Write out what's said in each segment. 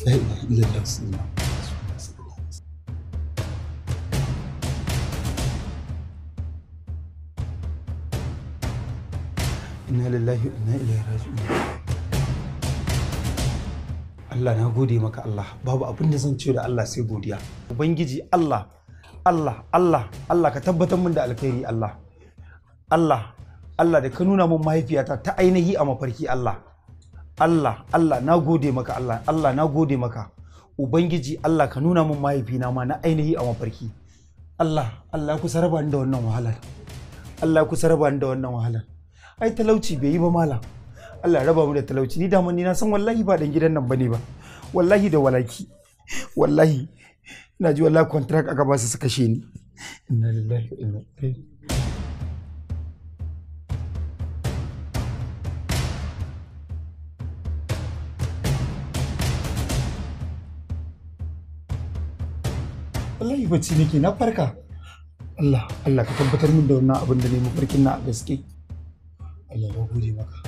inna Allah na gode maka Allah babu abin da zan ce da Allah sai godiya ubangiji Allah Allah Allah Allah ka tabbatar min da alkhairi Allah Allah Allah da ka nuna min mahaifiyata ta ainihi a mafarki Allah Allah Allah na gode maka Allah Allah na gode maka ubangiji Allah ka nuna min mahaifina ma na ainihi a mafarki Allah Allah ku saraba da wannan wahalar Allah ku saraba da wannan wahalar ai talauci bai yi ba mala Allah raba mu da talauci ni da ni na san wallahi ba dan gidan nan bane ba wallahi da walaki wallahi ina ji wallahi contract aka ba su suka kashe ni inna lillahi wa inna ilaihi bacci nake na farka Allah Allah ka tabbatar min da wannan abin da ne mafarkin na gaske Allah na gode maka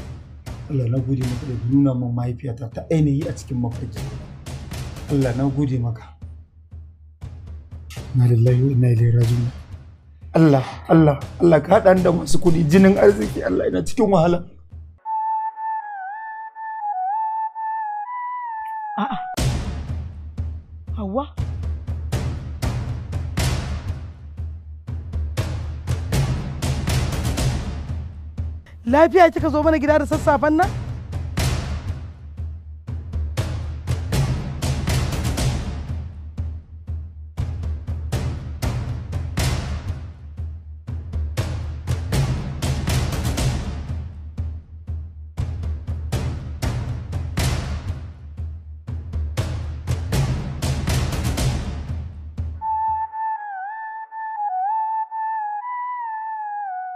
Allah na gode maka da nuna min mahaifiyata ta ainihi a cikin mafarki Allah na gode maka na lillahi wa inna ilaihi raji'un Allah Allah Allah ka hada da masu kudi jinin arziki Allah ina cikin wahala A'a Hawwa lafiya kika zo mana gida da sassafen nan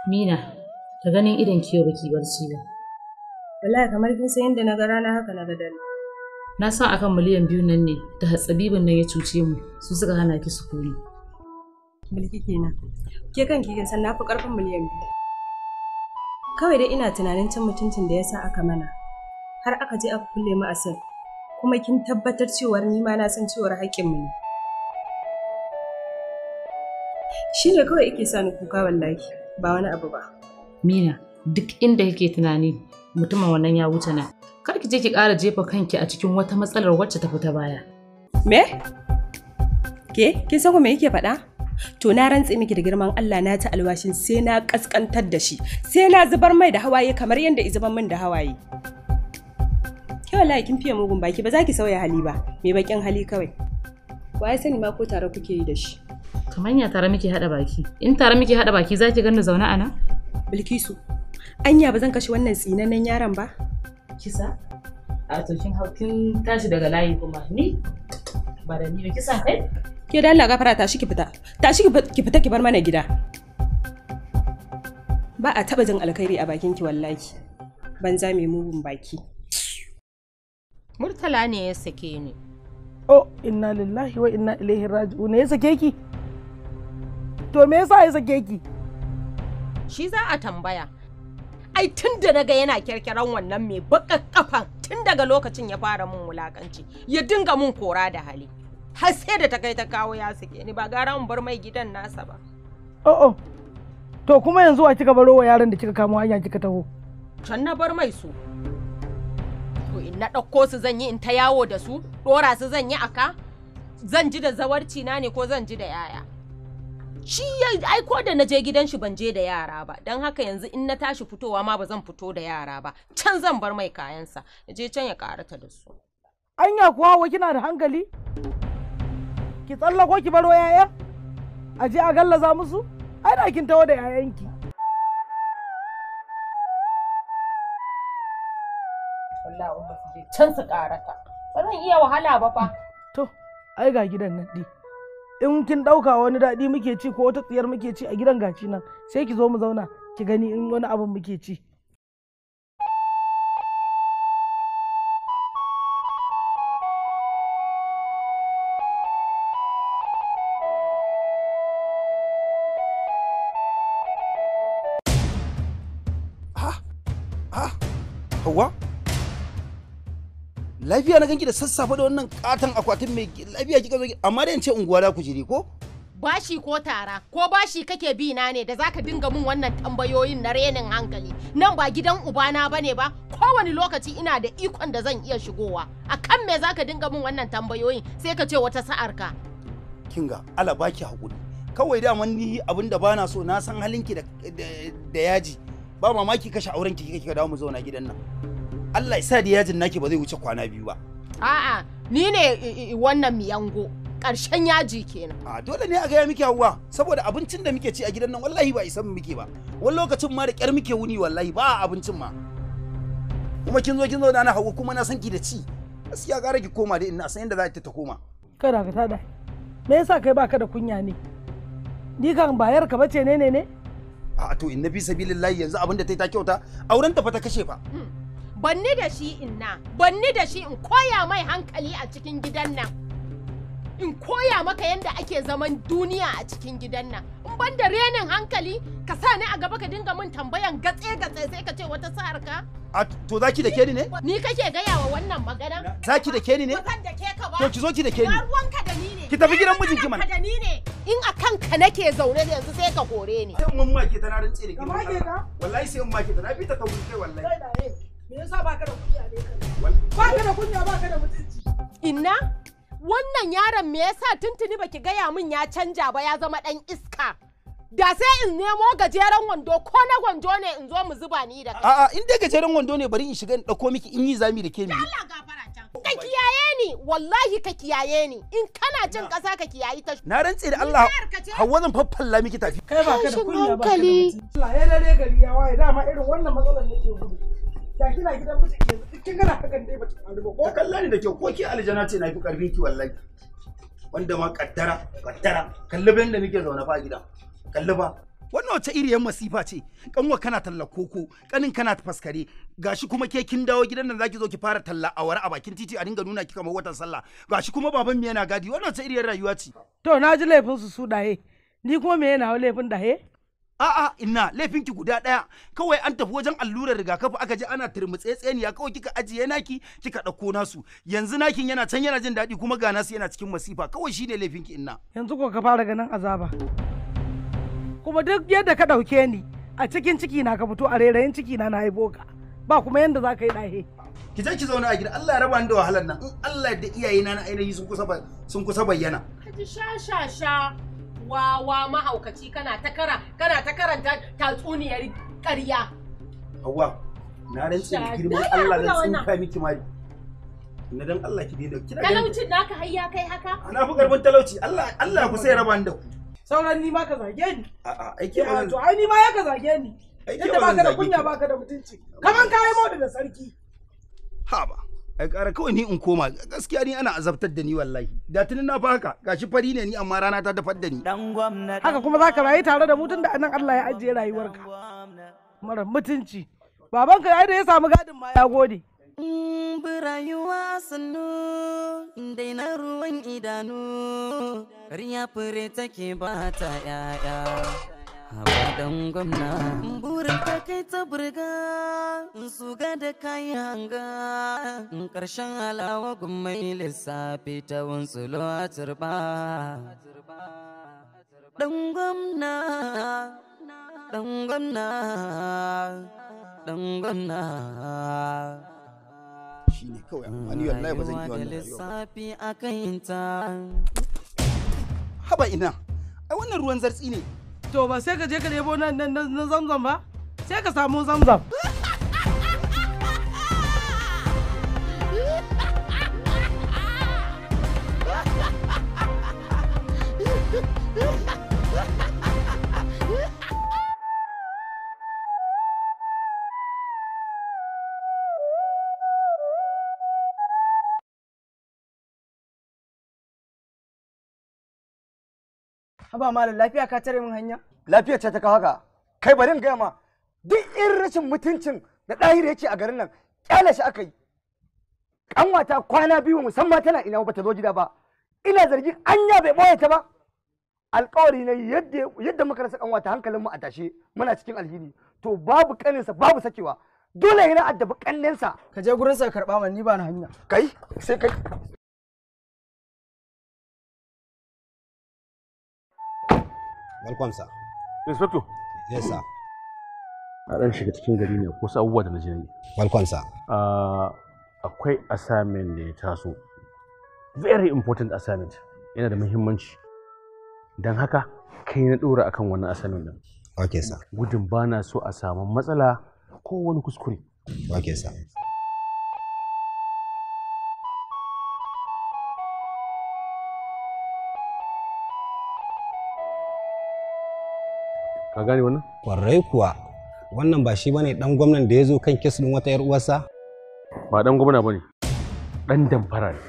Mina. ta ganin idan kiyo baki barci ba wallahi kamar kin san yadda na ga rana haka na ga dare na san akan miliyan biyu nan ne da hatsabibin nan ya cuce mu su suka hana ki su sukuni mulki kenan ke kan kin san na fi karfin miliyan biyu kawai dai ina tunanin cin mutuncin da ya sa aka mana har aka je aka kulle mu a kuma kin tabbatar cewar ni ma na san cewar haƙƙinmu ne shi ne kawai ake sa ni kuka wallahi ba wani abu ba Mina, duk inda kake tunani mutumin wannan ya wuce na. Kar ki je ki ƙara jefa kanki a cikin wata matsalar wacce ta fita baya. Me? Ke, kin san ko me yake faɗa? To na rantse miki da girman Allah na ta alwashin sai na kaskantar da shi, sai na zubar mai da hawaye kamar yadda izuban min da hawaye. Ke wallahi kin fiye mugun baki ba za ki sauya hali ba, me bakin hali kawai. Wa ya sani ma ko tare kuke yi da shi? Kamar ya tare miki haɗa baki. In tare miki haɗa baki za ki ganni zaune a nan? Bilkisu, anya ba zan kashe wannan tsinannen yaron ba? Kisa? A to haukin hau tashi daga layi kuma ni? Ba da ni kisa kai? Ke da Allah gafara tashi ki fita. Tashi ki fita ki bar mana gida. Ba a taba jin alkhairi a bakin ki wallahi. Banza mai mugun baki. Murtala ne ya sake ni. Oh, inna lillahi wa inna ilaihi raji'un. Ne ya sake ki? To me yasa ya sake ki? shi za a tambaya ai tun da naga yana kirkiran wannan mai baka kafan tun daga lokacin ya fara mun wulakanci ya dinga mun kora da hali har sai da ta kai ta kawo ya suke, ni ba gara mun bar mai gidan nasa ba oh oh to kuma yanzu a kika baro wa yaran da kika kamo hanya kika taho can na bar mai su to in na ɗauko su zan yi in ta yawo da su ɗora su zan yi aka zan ji da zawarci na ne ko zan ji da yaya shi ya aiko da na je gidan shi ban je da yara ba don haka yanzu in na tashi fitowa ma ba zan fito da yara ba can zan bar mai kayansa ya je can ya karata da su anya kuwa wa kina da hankali ki tsallako ki baro yaya a je a gallaza musu ai da kin tawo da yayanki wallahi umma su je can su karata ba zan iya wahala ba fa to ai ga gidan nan din in kin ɗauka wani daɗi muke ci ko wata tsiyar muke ci a gidan gaci nan sai ki zo mu zauna ki gani in wani abin muke ci lafiya na ganki da sassafe da wannan katon akwatin mai lafiya kika zo amma da ce unguwa da ku ko bashi ko tara ko bashi kake bi na ne da zaka dinga mun wannan tambayoyin na renin hankali nan ba gidan ubana bane ba kowane lokaci ina da ikon da zan iya shigowa akan me zaka dinga mun wannan tambayoyin sai ka ce wata sa'ar ka kinga ala baki hakuri kawai da ni abinda bana so na san halinki da da yaji ba mamaki kashe auren ki kika dawo mu zauna gidan nan Allah isa da yajin naki ba zai wuce kwana biyu ba. A'a, ni ne wannan miyango. Ƙarshen yaji kenan. A dole ne a gaya muke hawa saboda abincin da muke ci a gidan nan wallahi ba isa muke ba. Wani lokacin ma da ƙyar muke wuni wallahi ba abincin ma. Kuma kin zo kin zo da na hawa kuma na san ki da ci. Gaskiya gara ki koma dai ina san yadda za ta koma. Kada ka tada. Me yasa kai baka da kunya ne? Ni kan bayar ka bace ne ne ne? A to inna bi sabilillahi yanzu abin da ta yi ta kyauta auren ta fa ta kashe fa. Hmm. banni da shi inna banni da shi in koya mai hankali a cikin gidan nan in koya maka yadda ake zaman duniya a cikin gidan nan in ban da renin hankali ka sa ni a gaba ka dinga min tambayan gatse gatse sai ka ce wata sa'ar ka a to zaki da ke ni ne ni kake gaya wa wannan magana zaki da ke ni ne to ki zo ki da ke ni ruwanka da ni ne ki tafi gidan mijin ki mana da ni ne in a ka nake zaune da yanzu sai ka kore ni sai mun make ta na rantse da ki wallahi sai mun make ta na bi ta wuce wallahi Inna wannan yaron me yasa tuntuni baki gaya min ya canja ba ya zama dan iska. Da sai in nemo gajeren wando ko na wando ne in zo mu zuba ni da A'a in dai gajeren wando ne bari in shiga in dauko miki in yi zami da ke mi. Allah gafara Ka kiyaye ni wallahi ka kiyaye ni in kana jin kasa ka kiyaye ta. Na rantse da Allah Hawwa zan faffalla miki tafi. Kai ba ka da kunya ba. Allah ya dare gari ya waye dama irin wannan matsalar nake gudu. da kina gidan miji yanzu duk kin gana kakan dai bata faru ba ko kalla ni da kyau ko ki aljana ce na fi karfin ki wallahi wanda ma kaddara kaddara kalli ban da muke zaune fa gida kalli ba wannan wace iriyar masifa ce kanwa kana talla koko kanin kana faskare gashi kuma ke kin dawo gidan nan zaki zo ki fara talla awara a bakin titi a dinga nuna ki kamar watan sallah gashi kuma baban mi yana gadi wannan wace iriyar rayuwa ce to na ji laifin su su daye ni kuma me yana laifin daye a'a inna laifinki guda daya kawai an tafi wajen allurar rigakafi aka je ana turmutsetseniya kawai kika ajiye naki kika ɗauko nasu yanzu nakin yana can yana jin daɗi kuma ga nasu yana cikin masifa kawai shine laifinki inna yanzu ko ka fara ganin azaba kuma duk yadda ka dauke ni a cikin ciki na ka fito a rairayin ciki na na haibo ka ba kuma yadda za ka yi dahe ki je ki zauna a gida Allah ya raba ni da wahalar nan in Allah da iyayena na ainihi sun kusa sun kusa bayyana ka ji sha sha sha wawa mahaukaci kana ta kara kana ta karanta tatsuniyar ƙarya hawa na rantse girman Allah na tsuka miki mari na dan Allah ki daina kina talaucin naka har ya kai haka ana fi karfin talauci Allah Allah ku sai raba ni da ku sauran ni ma ka zage ni a'a ai ke ba to ai ni ma ya ka zage ni ai ke ba ka da kunya ba ka da mutunci kaman kai mota da sarki ba. a ƙara kawai ni in koma gaskiya ni ana azabtar da ni wallahi da na fa haka gashi fari ne ni amma rana ta dafar da ni haka kuma zaka rayu tare da mutun da annan Allah ya ajiye rayuwarka mara mutunci babanka yayin da ya samu gadin ma ya gode mm, rayuwa sannu daina ruwan idanu riya fure take ba ta yaya Abadan gwamna burin ta kai ta burga su da kayan hanga ƙarshen alawa gummai lissafi ta wunsu a turba. Ɗan gwamna, ɗan gwamna, ɗan gwamna. Shi ne kawai amfani wallahi ba zan yi wannan lissafi a kayinta. Haba ina, ai wannan ruwan zartsi ne. to ba sai ka je ka ɗebo na zamzam ba sai ka samu zamzam haba malam lafiya ka tare min hanya lafiya ce ta kawo haka kai bari in gaya ma duk irin rashin mutuncin da ɗahir yake a garin nan kyale shi aka yi kanwata kwana biyu musamman tana ina ba ta zo gida ba ina zargin anya bai boye ta ba alkawari ne yadda yadda muka rasa kanwata hankalin mu a tashe muna cikin alhini to babu kaninsa babu sakewa dole yana addabi kannensa ka je gurin sa karba ni ba na hanya kai sai kai welcome sir inspector yes sir a ɗan shiga cikin gari ne ko abubuwa da na ji ne welcome sir akwai assignment da ya taso very important assignment yana da muhimmanci don haka kai na ɗora akan wannan assignment din okay sir gudun ba na so a samu matsala ko wani kuskure okay sir ka gane wannan kwarai kuwa wannan ba shi bane dan gwamnan da ya zo kan kes din wata yar uwarsa ba dan gwamna bane dan damfara ne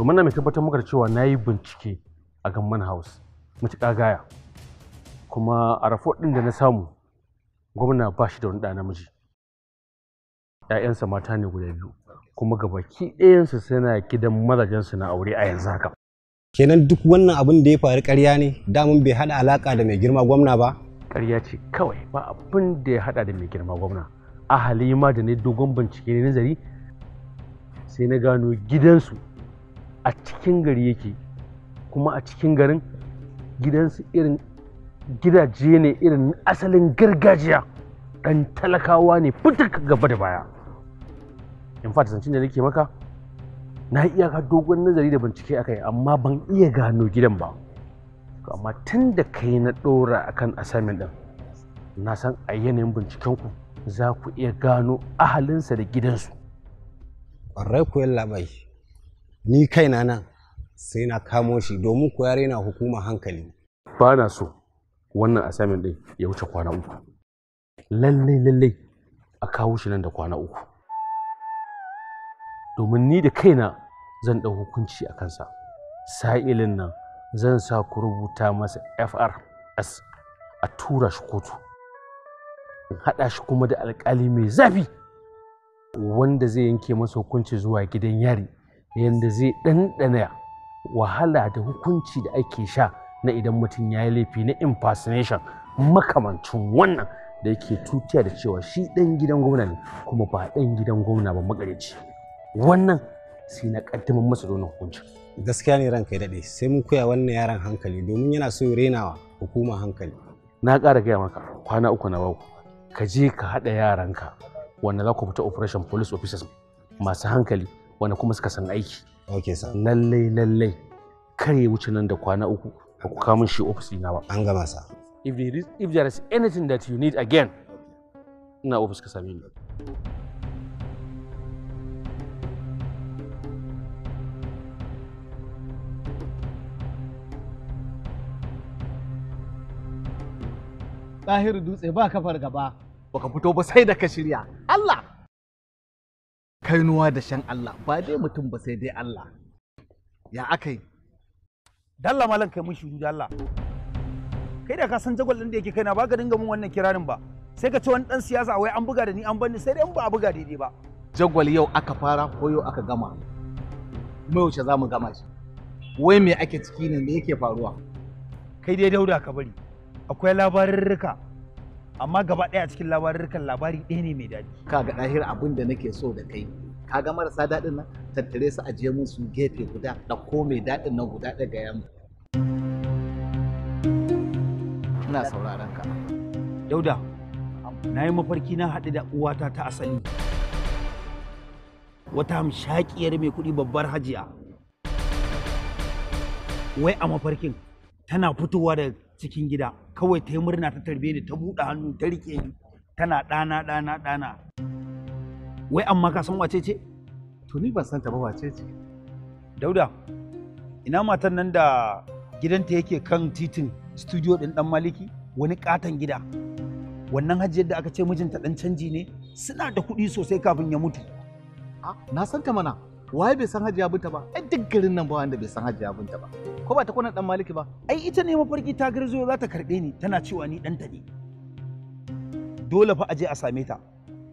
domin na mai tabbatar maka cewa na yi bincike a gamman man house ka gaya kuma a ɗin da na samu gwamna ba shi da wani ɗa namiji ‘ya'yansa mata ne guda biyu kuma gabaki ɗayansu suna gidan mazajensu na aure a yanzu haka kenan duk wannan abin da ya faru karya ne damun bai hada alaka da mai girma gwamna ba Karya ce kawai ba abin da ya hada da mai girma gwamna a halima da ne dogon bincike ne nazari sai na gano gidansu a cikin gari yake kuma a cikin garin gidansu irin gidaje ne irin asalin gargajiya Dan talakawa ne fitar gaba da baya in fata zancen da nake maka na iya dogon nazari da bincike akai amma ban iya gano gidan ba amma tun da kai na ɗora kan assignment ɗin na san a yanayin bincikenku za ku iya gano ahalinsa da gidansu ƙwarai ku labai ni kaina nan sai na kamo shi domin ku yare na hukuma hankali ba na so wannan assignment ɗin ya wuce kwana uku lallai lallai a kawo shi nan da kwana uku domin ni da kaina zan ɗau hukunci a kansa sa'ilin nan zan sa ku rubuta masa frs a tura shi kotu in haɗa shi kuma da alƙali mai zafi wanda zai yanke masa hukunci zuwa gidan yari yadda zai ɗanɗana wahala da hukunci da ake sha na idan mutum ya yi laifi na impersonation makamancin wannan da yake tutiya da cewa shi ɗan gidan gwamna ne kuma ba ɗan gidan gwamna ba magareci. wannan sai na kaddamar masa da wannan hukuncin gaskiya ne ranka ya dade sai mun koya wannan yaran hankali domin yana so ya renawa hukuma hankali na ƙara gaya maka kwana uku na bawu ka je ka haɗa yaranka wanda za ku fita operation police officers masu hankali wanda kuma suka san aiki okay sir lallai lallai kar ya wuce nan da kwana uku ba ku kawo shi office na ba an gama sa if there is anything that you need again ina office ka same ni tsahiru dutse ba kafar gaba baka fito ba sai da ka shirya Allah kainuwa da shan Allah ba dai mutum ba sai dai Allah ya aka dalla malam kai mun da Allah kai da ka san jagwal din da yake kaina ba ka dinga mun wannan kiranin ba sai ka ce wani dan siyasa wai an buga da ni an banni sai dai an ba a buga daidai ba jagwal yau aka fara ko yau aka gama mai wuce za mu gama shi wai me ake ciki ne me yake faruwa kai dai dauda ka bari akwai labarurruka amma gaba ɗaya cikin labarurrukan labari ɗaya ne mai daɗi kaga ɗahir abin da nake so da kai kaga marasa daɗin nan tattare su ajiye musu gefe guda ɗauko mai daɗin nan guda ɗaga yamma ina sauraron ka dauda na yi mafarki na haɗu da uwata ta asali wata hamshakiyar mai kuɗi babbar hajiya wai a mafarkin tana fitowa da. cikin gida kawai ta yi murna ta tarbe ni ta buɗe hannu ta riƙe ni tana ɗana ɗana ɗana wai amma ka san wace ce to ni ban san ta ba wace ce dauda ina matan nan da gidanta yake kan titin studio ɗin ɗan maliki wani ƙaton gida wannan hajiyar da aka ce mijinta ɗan canji ne suna da kuɗi sosai kafin ya mutu ah, na san ta mana waye bai san hajiya binta ba ai duk garin nan ba wanda bai san hajiya binta ba ko ba ta kona dan maliki ba ai ita ne mafarki ta garzo za ta karbe ni tana cewa ni dan ne dole fa aje a same ta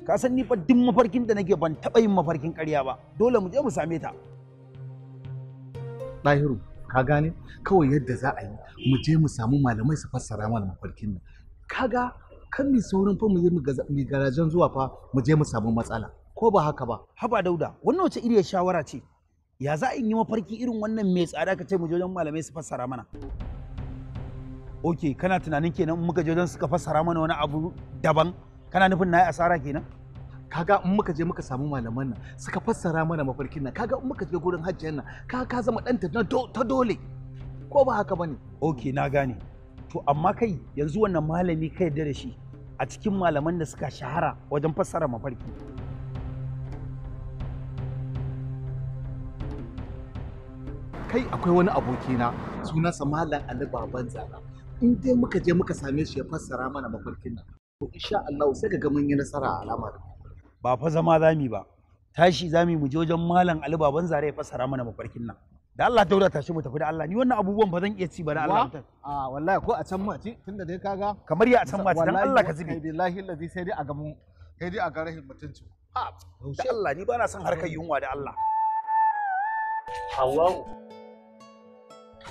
ka san ni fa duk mafarkin da nake ban taba yin mafarkin ƙarya ba dole mu je mu same ta Dahiru ka gane kawai yadda za a yi mu je mu samu malamai su fassara mana mafarkin nan kaga kan mi saurin fa mu yi mu garajen zuwa fa mu je mu samu matsala ko ba haka ba haba dauda wannan wace iriyar shawara ce ya za in yi mafarki irin wannan mai tsada ka ce mu wajen malamai su fassara mana ok kana tunanin kenan muka je wajen suka fassara mana wani abu daban kana nufin na yi asara kenan kaga in muka je muka samu malaman nan suka fassara mana mafarkin nan kaga in muka je gurin hajjiyar nan ka ka zama dan ta dole ko ba haka bane ok na gane to amma kai yanzu wannan malami kai da shi a cikin malaman da suka shahara wajen fassara mafarki kai akwai wani abokina sunansa malam ali baban zara in dai muka je muka same shi ya fassara mana mafarkin nan to insha Allah sai ga mun yi nasara a alama ba fa zama zami ba tashi zami mu je wajen malam ali baban zara ya fassara mana mafarkin nan da Allah daura tashi mu tafi da Allah ni wannan abubuwan ba zan iya ci ba da Allah a wallahi ko a can ma ci tunda dai kaga kamar ya a can ma ci dan Allah ka zibi billahi sai dai a gamu sai dai a garahin mutunci Allah ni ba na son harkar yunwa da Allah Hawa'u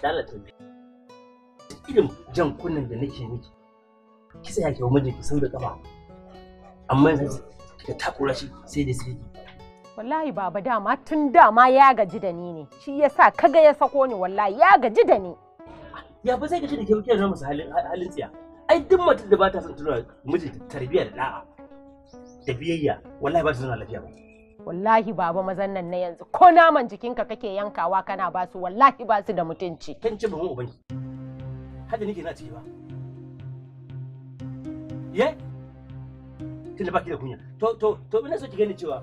dala ta bi irin jan kunnen da nake miki ki tsaya ki mijin ki sun da kafa amma yanzu ka takura shi sai da sai wallahi baba dama tun dama ya gaji da ni ne shi yasa kaga ya sako ni wallahi ya gaji da ni ya ba sai gaji da ke kiyar na musu halin halin tsiya ai duk matar da ba ta son tuna mijinta tarbiyya da da'a da biyayya wallahi ba ta zauna lafiya ba wallahi baba mazan nan na yanzu ko naman jikinka kake yankawa kana basu wallahi ba su da mutunci kin ci ban ubanki hada nake na ciki ba ye tunda baki da kunya to to to ina so ki gani cewa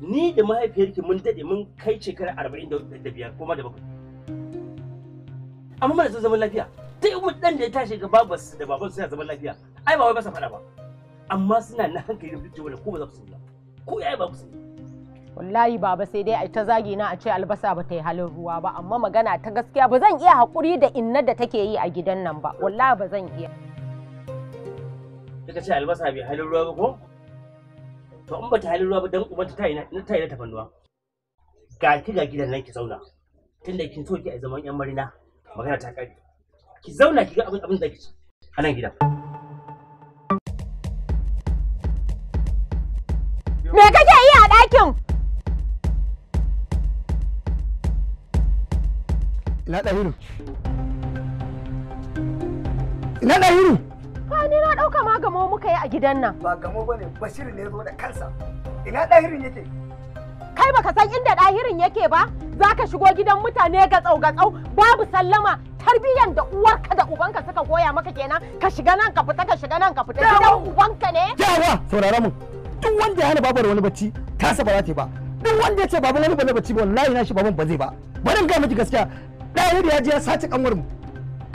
ni da mahaifiyarki mun dade mun kai shekara 45 kuma da bakwai amma mana zaman lafiya Sai yi dan da ya tashi ga babansu da babansu suna zaman lafiya ai ba wai ba sa faɗa ba amma suna na hankali da fitowa da ko ba za su ba ko yayi ba ku wallahi baba sai dai a ta zagi na a ce albasa ba ta yi halin ruwa ba amma magana ta gaskiya ba zan iya haƙuri da inna da take yi a gidan nan ba wallahi ba zan iya kika ce albasa bai halin ruwa ba ko to in ba ta halin ruwa ba dan uban ta yi na ta yi na tafannuwa ga ki ga gidan nan ki zauna tunda kin so ki a zaman yan marina magana ta kare ki zauna ki ga abin da kike a nan gidan Me kake yi a ɗakin? Ina ɗahiru. Ina ɗahiru. Ba ni na ɗauka ma gamo muka yi a gidan nan. Ba gamo ba ne, Bashir ne zo da kansa. Ina ɗahirin yake? Kai baka san inda ɗahirin yake ba? Za ka shigo gidan mutane gatsau-gatsau babu sallama tarbiyan da uwarka da ubanka suka koya maka kenan ka shiga nan ka fita ka shiga nan ka fita gidan ubanka ne. Yawa Sauraron mu. duk wanda ya hana babar wani bacci ta saba za ta yi ba duk wanda ya ce babu wani bane bacci ba wallahi na shi baban ba zai ba barin ga miki gaskiya ɗaya da ya je ya sace kanwar mu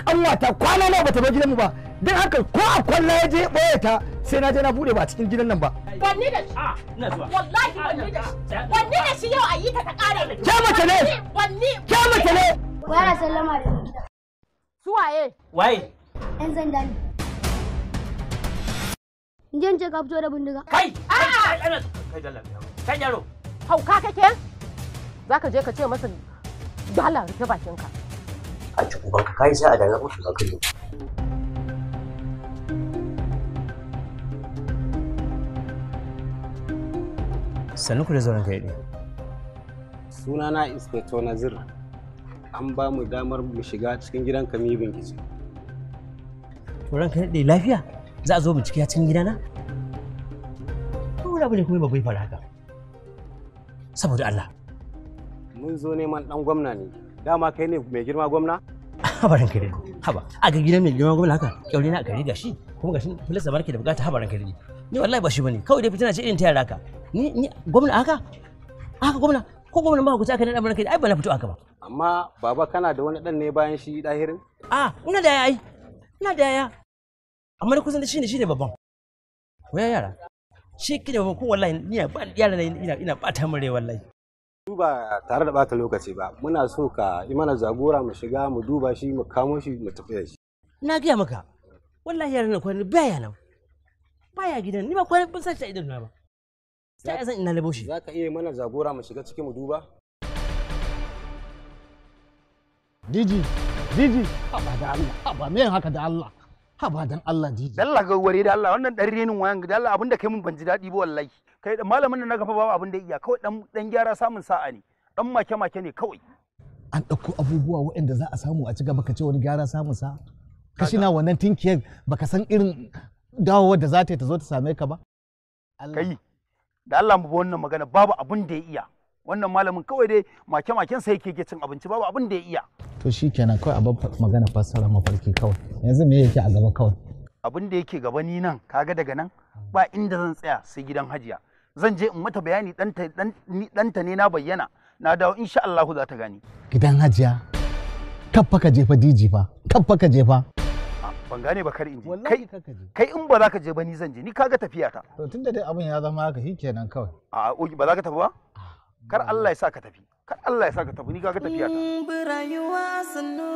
kanwata kwana nawa bata zo gidan mu ba dan haka ko a kwalla ya je ɓoye ta sai na je na bude ba cikin gidan nan ba. Wanne da shi? Ah, ina zuwa. Wallahi wanne da shi. Ah, wanne da shi yau a yi ta ta ƙara. Ke mace ne? Wanne? Ke mace ne? Waya sallama da gida. Su waye? Waye? Yan zan ne. Jan ce ka fito da bindiga. Kai! Kai ah! dalla kai yaro. Hauka kake? Za ka je ka ce masa bala rufe bakinka. A ci ubanka kai sai a danga musu za ka yi. Sannu ku da zauren kai ne. na Inspector Nazir. An ba mu damar mu shiga cikin gidan mu yi bincike. Turan kai lafiya? za a zo bincike a cikin gidana Kuma bane ne kuma bai fara haka saboda Allah mun zo neman dan gwamna ne dama kai ne mai girma gwamna habarin kare haba a ga gidan mai girma gwamna haka kyaure na a gashi kuma gashin sabar ke da bukata habarin kare ne ni wallahi ba shi bane kawai dai fitina ce irin ta yara haka ni ni gwamna haka haka gwamna ko gwamna ba ku ta kana dan barke ai ba na fito haka ba amma baba kana da wani dan ne bayan shi dahirin Ah, ina da yayi ina da yaya amma da kusan shine shine babban waya yara shi ke da babban ko wallahi ni ba yara ne ina ina bata min wallahi duba tare da bata lokaci ba muna so ka yi mana jagora mu shiga mu duba shi mu kamo shi mu tafi da shi na ga maka wallahi yaran ko ni baya nan baya gidan ni ba kwani ban sace idan na ba sai zan ina labo shi zaka iya mana jagora mu shiga cikin mu duba Diji, Diji, haba da Allah, haba me haka da Allah. haba dan Allah dan Allah ga ware da Allah wannan dan renin wayan da Allah abinda kai mun ban ji dadi ba wallahi kai da malamin nan na gafa babu abinda iya kawai dan dan gyara samun sa'a ne dan make make ne kawai an ɗauko abubuwa waɗanda za a samu a ci gaba ka ce wani gyara samun sa'a kashi na wannan tinkiyar baka san irin dawo da za ta ta zo ta same ka ba kai da Allah mu wannan magana babu abin da ya iya wannan malamin kawai dai make maken sa yake cin abinci babu abin da ya iya to shi kenan kawai a magana fassara mafarki kawai yanzu me yake a gaba kawai abin da yake gaba ni nan kaga daga nan ba inda zan tsaya sai gidan hajiya zan je in mata bayani ɗanta ne na bayyana na dawo insha Allahu za ta gani gidan hajiya kaffa ka jefa diji fa kaffa ka jefa ah, ban gane ba kar in je kai kai in ba za ka je ba ni zan je ni kaga tafiya ta to tunda dai abin ya zama haka shikenan kawai a ah, ba za ka tafi ba ah. kar Allah ya sa ka tafi Ka Allah ya saka tafi ni kaga tafiya ta rayuwa sannu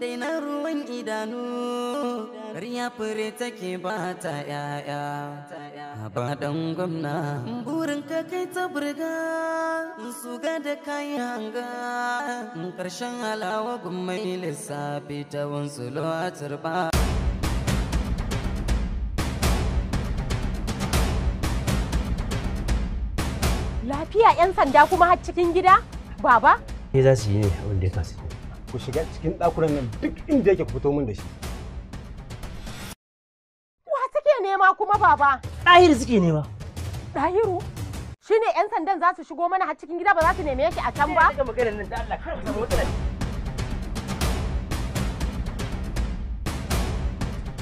dai na ruwan idanu riya fure take ba ta yaya ba dan gwamna burin ka kai ta burga su ga da kayan ga karshen alawa gummai lissafi ta wansu lo'atar ba tafiya 'yan sanda kuma har cikin gida? Baba? Ke za su yi ne abin da ya kasu. Ku shiga cikin ɗakunan nan duk inda yake fito min da shi. Wa take nema kuma baba? Ɗahiru suke nema. Ɗahiru? Shi ne 'yan sandan za su shigo mana har cikin gida ba za su neme yake a can ba?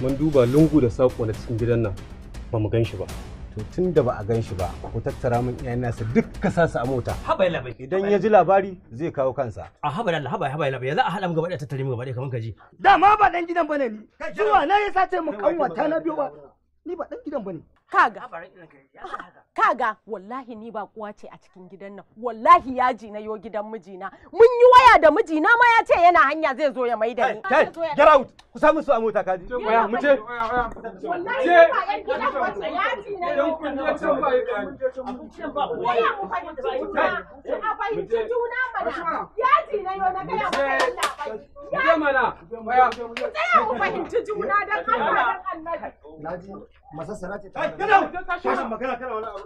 Mun duba lungu da saƙo na cikin gidan nan ba mu gan shi ba. to tun da ba a gan shi ba ku tattara min iyayen nasa duk ka sa su a mota haba labai idan ya ji labari zai kawo kansa a haba da haba haba labai yanzu a hada mu gaba da tattare mu gaba da kaman ka ji ma ba dan gidan bane ni zuwa na yasa sace mu wata na biyo ba ni ba dan gidan bane kaga haba ran kai ya haka kaga wallahi ni ba kuwa ce a cikin gidan nan wallahi yaji na yo gidan mijina mun yi waya da mijina ma ya ce yana hanya zai zo ya mai da ni get out ku samu su a mota kaji waya mu ce wallahi ba gidan ba yaji na yo kun ne can ba ba Ya mu fa juna a fahimci juna mana yaji na yo na kai ya ya mana waya Ya mu fahimci juna dan Allah dan Allah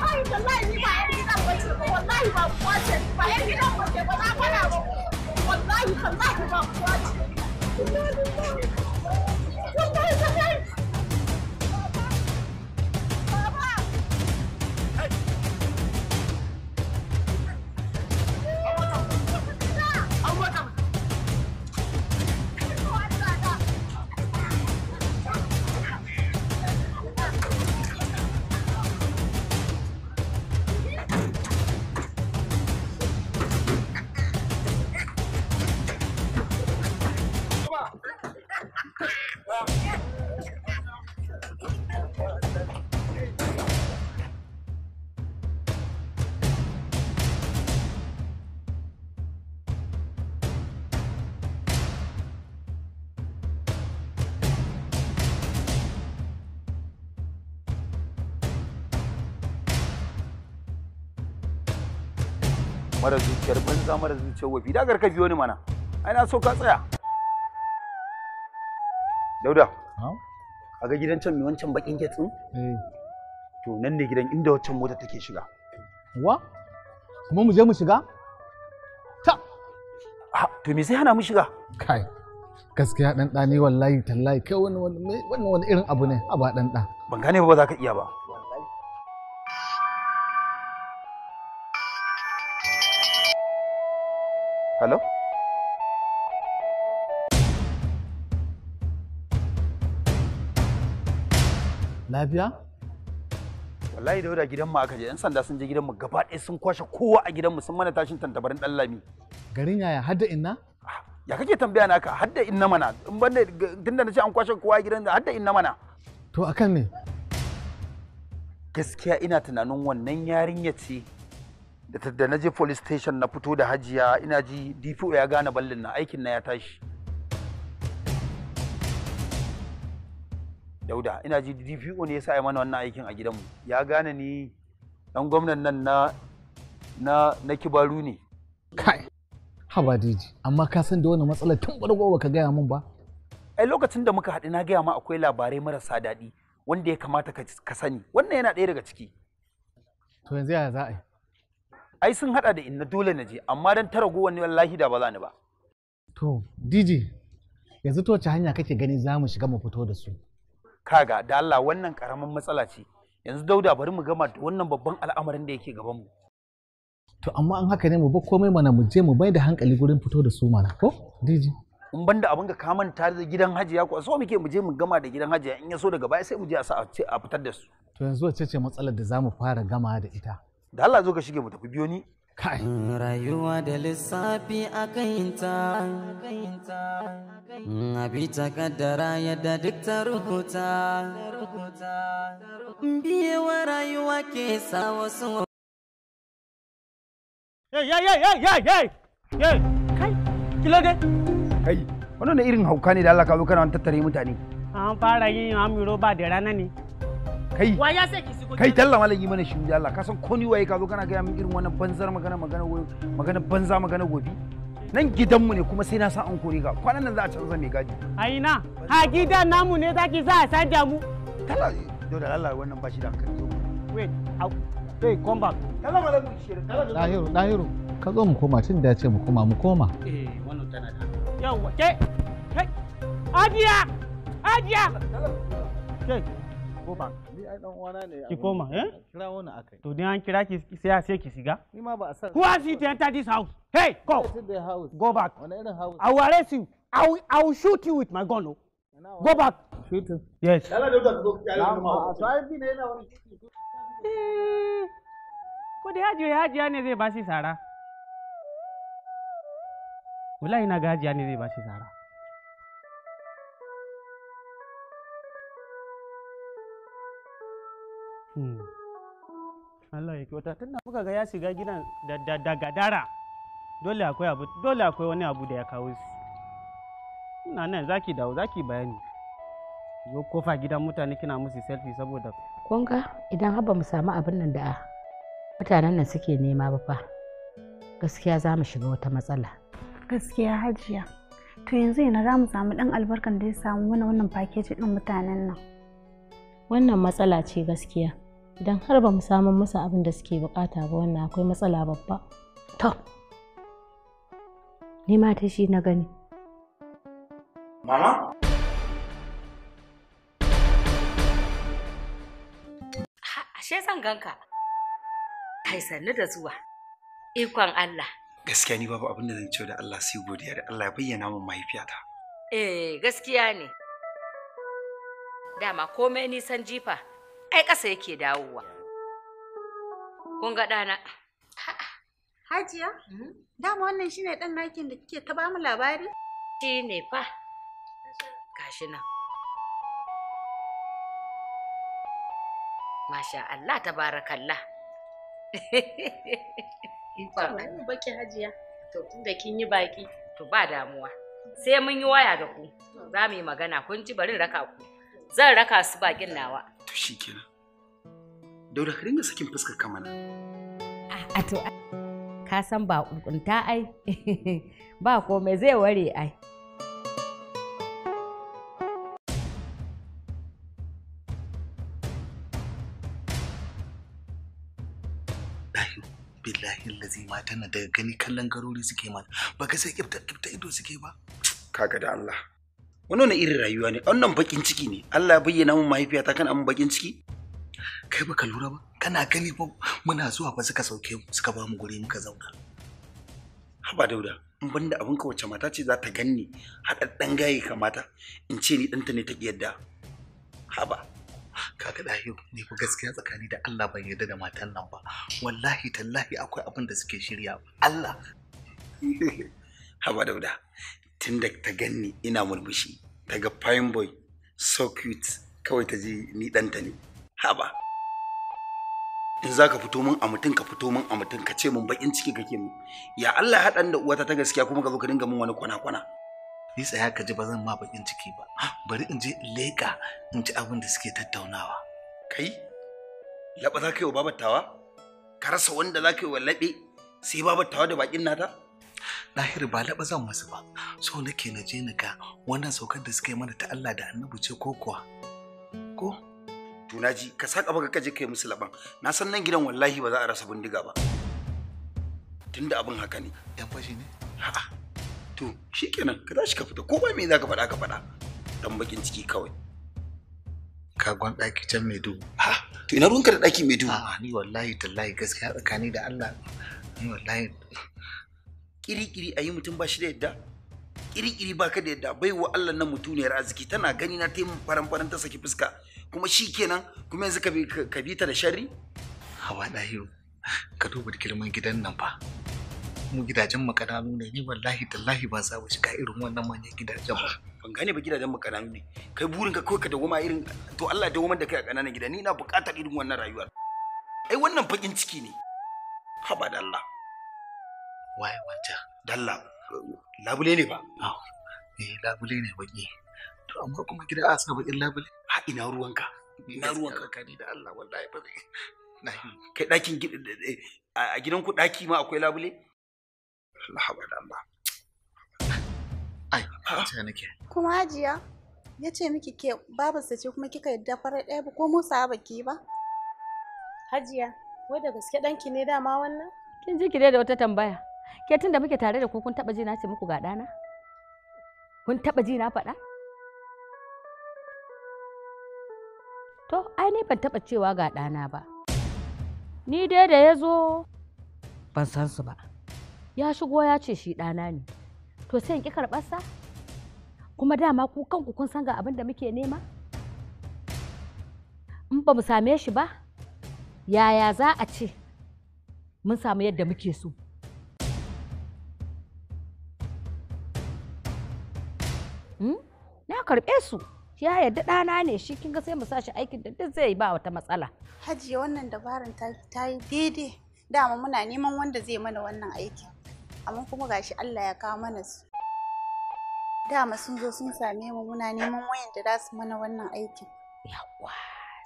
wallahi wallahi ni ba yan ba wallahi ba kuwa ce ba yan mara zuciyar banza mara zuciyar wafi dagar ka biyo ni mana ai na so ka tsaya dauda a ga gidan can mai wancan bakin getsin eh. to nan ne gidan inda wancan mota take shiga wa kuma mu je mu shiga ta to me sai hana mu shiga kai gaskiya dan dani wallahi tallahi kai wani wani irin abu ne a ba dan ban gane ba za ka iya ba hello lafiya? wallahi da gidanmu aka je yan sanda sun je gidanmu gaba ɗaya sun kwashe kowa a gidanmu sun mana tashin tantabarin ɗan lami garin yaya hadda inna ya kake tambaya na ka hadda inna mana in banda tunda na ce an kwashe kowa a gidan hadda inna mana to akan ne gaskiya ina tunanin wannan yarinya ce da na je police station na fito da hajiya ina ji dpo ya gane ballin na aikin na ya tashi dauda ina ji dpo ne ya sa mana wannan aikin a gidanmu ya gane ni dan gwamnan nan na na na kibaru ne kai haba diji amma ka san da wani matsalar tun bargo ka gaya min ba ai lokacin da muka haɗu na gaya ma akwai labarai marasa daɗi wanda ya kamata ka sani wannan yana ɗaya daga ciki to yanzu ya za a yi ai sun hada da inna dole na je amma dan ta gowan ne wallahi da ba za ni ba to dj yanzu to wace hanya kake gani za mu shiga mu fito da su kaga da Allah wannan karamin matsala ce yanzu dauda bari mu gama da wannan babban al'amarin da yake gaban mu to amma an haka ne mu ba komai mana mu je mu bai da hankali gurin fito da su mana ko dj in banda abin ka kaman tare da gidan hajiya ko so muke mu je mu gama da gidan hajiya in ya so daga baya sai mu je a sa a fitar da su to yanzu wacce ce matsalar da zamu fara gama da ita da Allah zo ka shige mu tafi biyo ni mm, rayuwa da lissafi a kayinta mm, bi ta kaddara yadda duk ta rubuta mm, biyewa rayuwa ke sa wasu kai kila dai kai wannan irin hauka ne da Allah ka zo kana tattare mutane an fara yin amuro ba da rana ne kai wa ya sai ki shigo kai talla malam yi mana shi ya Allah ka san ko ni waye ka zo kana ga min irin wannan banzar magana magana magana banza magana gobi nan gidanmu ne kuma sai na sa an kore ka kwanan nan za a canza mai gaji ai na ha gidan namu ne zaki sa a canja mu talla yau da Allah wannan ba shi da hankali zo wait hey come back talla malami shi talla lahiru lahiru ka zo mu koma tun da ce mu koma mu koma eh wannan tana da yawa ke kai ajiya ajiya kai koma ni ai dan uwana ne ki koma eh? kira wani an kira ki sai sai ki shiga ni enter this house hey go go back wani irin house i will arrest you i will, I will shoot you with my gun oh. No? go back shoot him yes yalla da ne ko da haji haji ne zai shi sara wallahi na ga ne zai shi sara Hmm. Allah ya kyauta tunda muka ga ya shiga gidan da gadara dole akwai abu dole akwai wani abu da ya kawo su ina nan zaki dawo zaki bayani zo kofa gidan mutane kina musu selfie saboda kun ga idan haba mu samu abin nan da mutanen nan suke nema ba fa gaskiya za mu shiga wata matsala gaskiya hajiya to yanzu yana za mu samu dan albarkan da ya samu mana wannan package din mutanen nan wannan matsala ce gaskiya idan har ba mu samun masa abin da suke bukata ba wannan akwai matsala babba to ni ma ta shi na gani mama ashe zan ganka kai sannu da zuwa ikon Allah gaskiya ni babu abin da zan ce da Allah sai godiya da Allah ya bayyana min mahaifiyata eh gaskiya ne dama komai nisan jifa ai ƙasa yake dawowa. Kun ga ɗana. Hajiya, hmm? dama wannan shine ɗan nakin da kike ta mu labari? Shi ne fa, gashi nan. Masha Allah ta barakalla. Ina baki hajiya, to tunda kin yi baki. To ba damuwa. Sai mun yi waya da ku, za mu yi magana kun ji barin raka ku. Zan raka su bakin nawa. shi kenan daura ka dinga sakin fuskar kamana a to ka san ba kunta ai ba komai zai ware ai billahi lazi daga gani kallon garuri suke mata ba ka sai kifta ido suke ba kaga da Allah wani wani irin rayuwa ne wannan bakin ciki ne Allah ya bayyana mun mahaifiyata kana mun bakin ciki kai baka lura ba kana gani ba muna zuwa ba suka sauke mu suka ba mu guri muka zauna haba dauda in banda abin ka wace mata ce za ta ganni haɗaɗɗen gaye kamata in ce ni ɗanta ne ta yadda haba kaga dahiyo ni ku gaskiya tsakani da Allah ban yarda da matan nan ba wallahi tallahi akwai abin da suke shirya Allah haba dauda tun da ta ganni ina murmushi daga fine boy so cute kawai ta ji ni ɗanta ne haba in za ka fito min a mutum ka fito min a mutum ka ce min bakin ciki kake mu ya Allah haɗan da uwata ta gaskiya kuma ka zo ka dinga min wani kwana-kwana ni tsaya ka ji ba zan ma bakin ciki ba bari in je in leƙa in ji abin da suke tattaunawa kai laɓa za ka yi wa babattawa ka rasa wanda za ka yi wa laɓe sai babattawa da bakin nata ɗahir ba laɓa zan masu ba so nake na je ni ga wannan saukar da suka yi mana ta Allah da annabi ce ko kuwa ko tunaji ka saka baka kaje kai musu laban na san nan gidan wallahi ba za a rasa bindiga ba tunda abin haka ne yan fashi ne a'a to shikenan ka tashi ka fita ko ba me zaka ka faɗa ka faɗa dan bakin ciki kawai kagon ɗaki can mai duhu. Ha, to ina ruwanka da ɗaki mai duhu? A'a ni wallahi tallahi gaskiya tsakani da Allah ni wallahi kiri-kiri a yi mutum ba shi da yadda kiri-kiri ba ka da yadda bai wa Allah na mutuniyar arziki tana gani na taimun faran faran ta saki fuska kuma shi kenan kuma yanzu ka bi ta da sharri hawa dahiru ka duba girman gidan nan fa mu gidajen mu ne ni wallahi tallahi ba za mu shiga irin wannan manyan gidajen ba ban gane ba gidajen mu ne kai burin ka kawai ka dawoma irin to Allah ya dawoma da kai a kananan gida ni na buƙatar irin wannan rayuwar ai wannan bakin ciki ne haba da Allah waye wancan dalla labule ne ba ah, eh labule ne baki to amma kuma gida a sa bakin labule ha ina ruwanka ina ruwanka kani da Allah wallahi ba kai dakin eh, a gidan ku daki ma akwai labule Allah haba da Allah ai ta nake kuma hajiya yace ce miki ke babarsa ce kuma kika yadda farar ɗaya ba ko musa ba ki ba hajiya wai da gaske danki ne dama wannan kin ji ki dai da wata tambaya ke tun da muke tare da ku kun taba ji na ce muku ga ɗana kun taba ji na faɗa to ai ni ban taba cewa ga ɗana ba ni dai da ya zo ban san su ba ya shigo ya ce shi ɗana ne to sai in ki karɓarsa kuma dama ku kanku kun san ga abin da muke nema in ba mu same shi ba yaya za a ce mun samu yadda muke so karɓe su ya yarda ɗana ne shi kin ga sai mu sashi aikin da duk zai ba wata matsala hajiya wannan dabaran ta yi daidai dama muna neman wanda zai mana wannan aikin amma kuma gashi Allah ya kawo mana su dama sun zo sun same mu muna neman wayan da za su mana wannan aikin yawa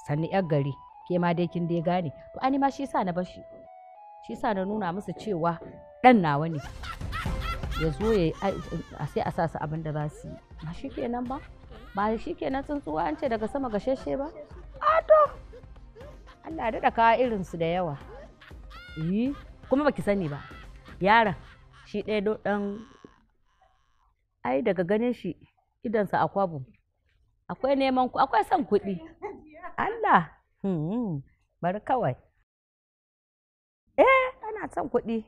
sannan yar gari ke ma dai kin dai gane to ani ma shi sa na bashi shi sa na nuna musu cewa dan nawa ne ya zo ya sai a sa su abin da za su yi ba shi kenan ba ba shi kenan tsuntsuwa an ce daga sama gasheshe ba a to Allah daɗa irin irinsu da yawa yi kuma baki sani ba yaron shi ɗaya ɗan ai daga ganin shi idansa a kwabu akwai neman akwai son kuɗi Allah hmm, hmm, bari kawai eh ana son kuɗi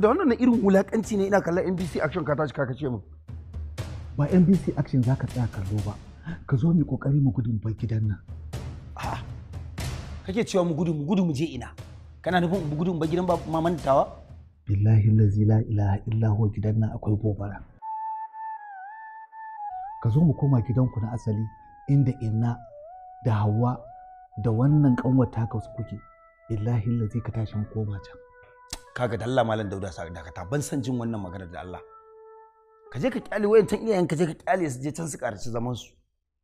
da wannan na irin wulakanci ne ina kallon NBC action ka tashi ka ce min ba NBC action zaka tsaya kallo ba ka zo mu kokari mu gudun ban gidan nan a'a kake cewa mu gudu mu gudu mu je ina kana nufin mu gudun ban gidan ba maman tawa billahi lazi la ilaha illa huwa gidan nan akwai gobara ka zo mu koma gidanku na asali inda inna da hawa da wannan kanwata ka kuke billahi lazi ka tashi mu koma can kaga ga talla malam Dauda sa dakata ban san jin wannan magana da Allah ka je ka kyale wayancan iyayen ka je ka kyale su je can su karaci zaman su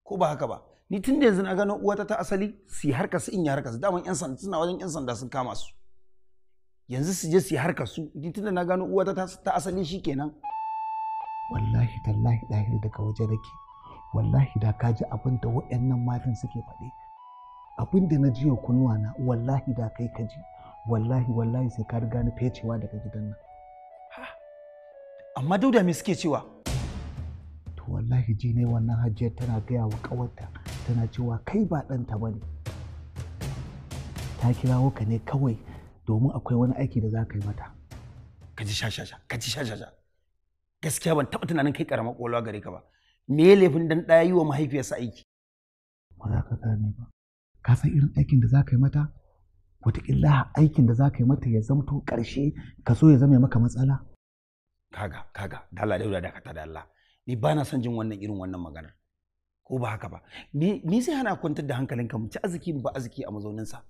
ko ba haka ba ni tun da yanzu na gano uwata ta asali su harka su in ya harka su daman yan sanda suna wajen yan sanda sun kama su yanzu su je su harka su ni tun da na gano uwata ta ta asali shikenan wallahi tallahi dahir daga waje nake wallahi da kaji abin da waɗannan matan suke faɗi abin da na jiya kunnuwa na wallahi da kai kaji. ji wallahi wallahi sai ka riga ni fecewa daga gidan nan amma dauda me suke cewa to wallahi ji ne wannan hajjiyar tana gaya wa kawarta tana cewa kai ba ɗanta ba ne ta kirawo ka ne kawai domin akwai wani aiki da za ka yi mata ka ji sha-sha-sha, ka ji sha-sha-sha. gaskiya ban taɓa tunanin kai karama ƙwaƙwalwa gare ka ba me ya laifin dan ɗaya yi wa mahaifiyarsa aiki ba za ka gane ba ka san irin aikin da za ka yi mata wataƙila aikin da za ka yi mata ya zamto ƙarshe ka so ya zama maka matsala kaga kaga da Allah da dakata da Allah ni ba na son jin wannan irin wannan maganar ko ba haka ba ni sai hana kwantar da hankalinka mu ci arziki ba arziki a sa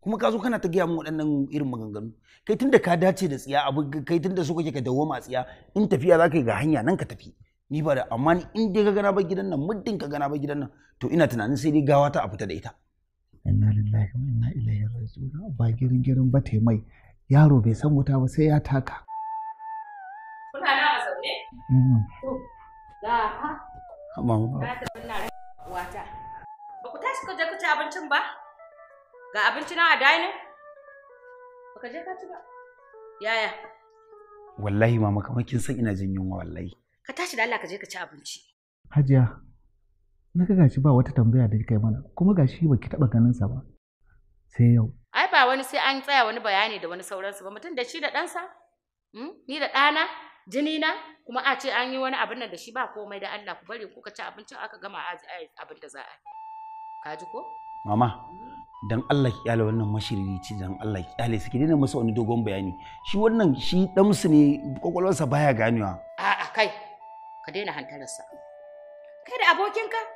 kuma ka zo kana ta gaya min waɗannan irin maganganu kai tunda ka dace da tsiya abu kai tunda so kake ka dawo ma tsiya in tafiya za ka yi ga hanya nan ka tafi ni ba da amma in dai ka gana ba gidan nan muddin ka gana ba gidan nan to ina tunanin sai dai gawa ta a fita da ita inna lillahi wa inna ilaihi raji'un ba girin girin ba tai mai yaro bai san wuta ba sai ya taka kuna na a zaune mm. to ga ha mama ba ta wata ba ku tashi ka je ku ci abincin ba ga abinci na a dining ba ka je ka ci ba yaya wallahi mama kamar kin san ina jin yunwa wallahi ka tashi da Allah ka je ka ci abinci hajiya na ga gashi ba wata tambaya da kai mana kuma gashi ba ki taɓa sa ba sai yau ai ba wani sai an tsaya wani bayani da wani sauransu ba mutum da shi da ɗansa hmm, ni da ɗana jini na kuma a ce an yi wani abin nan da shi ba komai da Allah ku bari kuka ci abincin aka gama a abin da za a yi ka ji ko mama hmm. dan Allah ki kyale wannan mashiririci dan Allah ki kyale su ki daina masa wani dogon bayani shi wannan shi damsu ne kwakwalwarsa baya ganewa a'a kai ka daina hantararsa kai da abokinka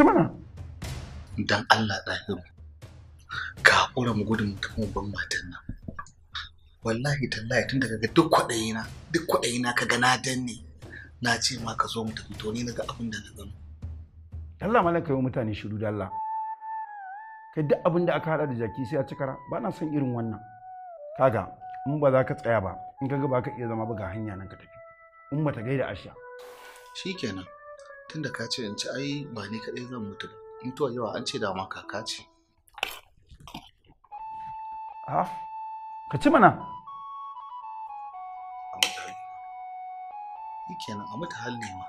ci mana dan Allah ɗahiru ka haƙura mu gudun mutumin ban matan nan wallahi tallahi tun daga duk kwaɗayina duk kwaɗayina ka ga na ne, na ce ma ka zo mu tafi to ni na ga abin da na gano Allah malaka yau mutane shiru da Allah kai duk abin da aka haɗa da jaki sai a ci kara ba na son irin wannan kaga in ba za ka tsaya ba in ka ga ba ka iya zama ba ga hanya nan ka tafi in ba ta gaida asha shikenan tunda ka ce in ci ai ba ni kaɗai zan mutu ba mutuwa yawa an ce dama kaka ce ha ka ci mana a a mutu hali ma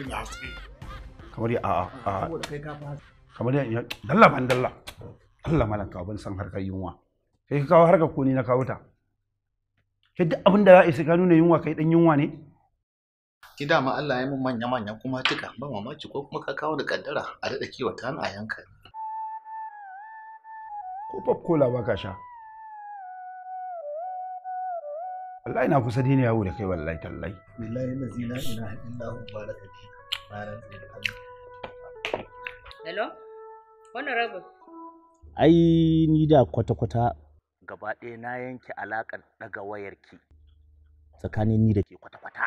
wurin ya haske kamar ya a a dalla ban dalla Allah ka ban san harkar yunwa kawo harkar ko ni na kawo ta kai duk abin da za a yi sai ka nuna yunwa kai dan yunwa ne ki dama Allah ya mun manya manya kuma tuka ba mamaki ko kuma ka kawo da kaddara a daɗa kiwata a yanka ko pop cola ba ka sha Allah ina kusa dini yawo da kai wallahi tallahi billahi zina ina ilaha illa hu baraka fi baran hello honorable ai ni da kwata kwata gaba ɗaya na yanke alaƙar ɗaga wayarki tsakanin ni da ke kwata kwata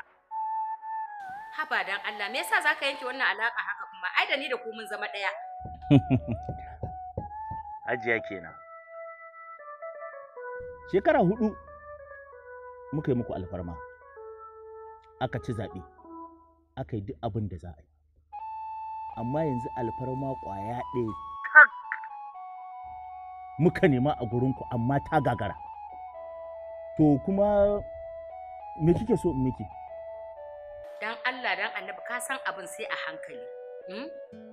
haba dan Allah me yasa zaka yanke wannan alaƙa haka kuma ai da ni da ku mun zama ɗaya Hajiya kenan shekara hudu muka yi muku alfarma aka ci zaɓe aka yi duk abin da za a yi amma yanzu alfarma ƙwaya ɗaya muka nema a gurinku amma ta gagara to kuma me kike so in miki dan Allah dan annabi ka san abin sai a hankali hmm?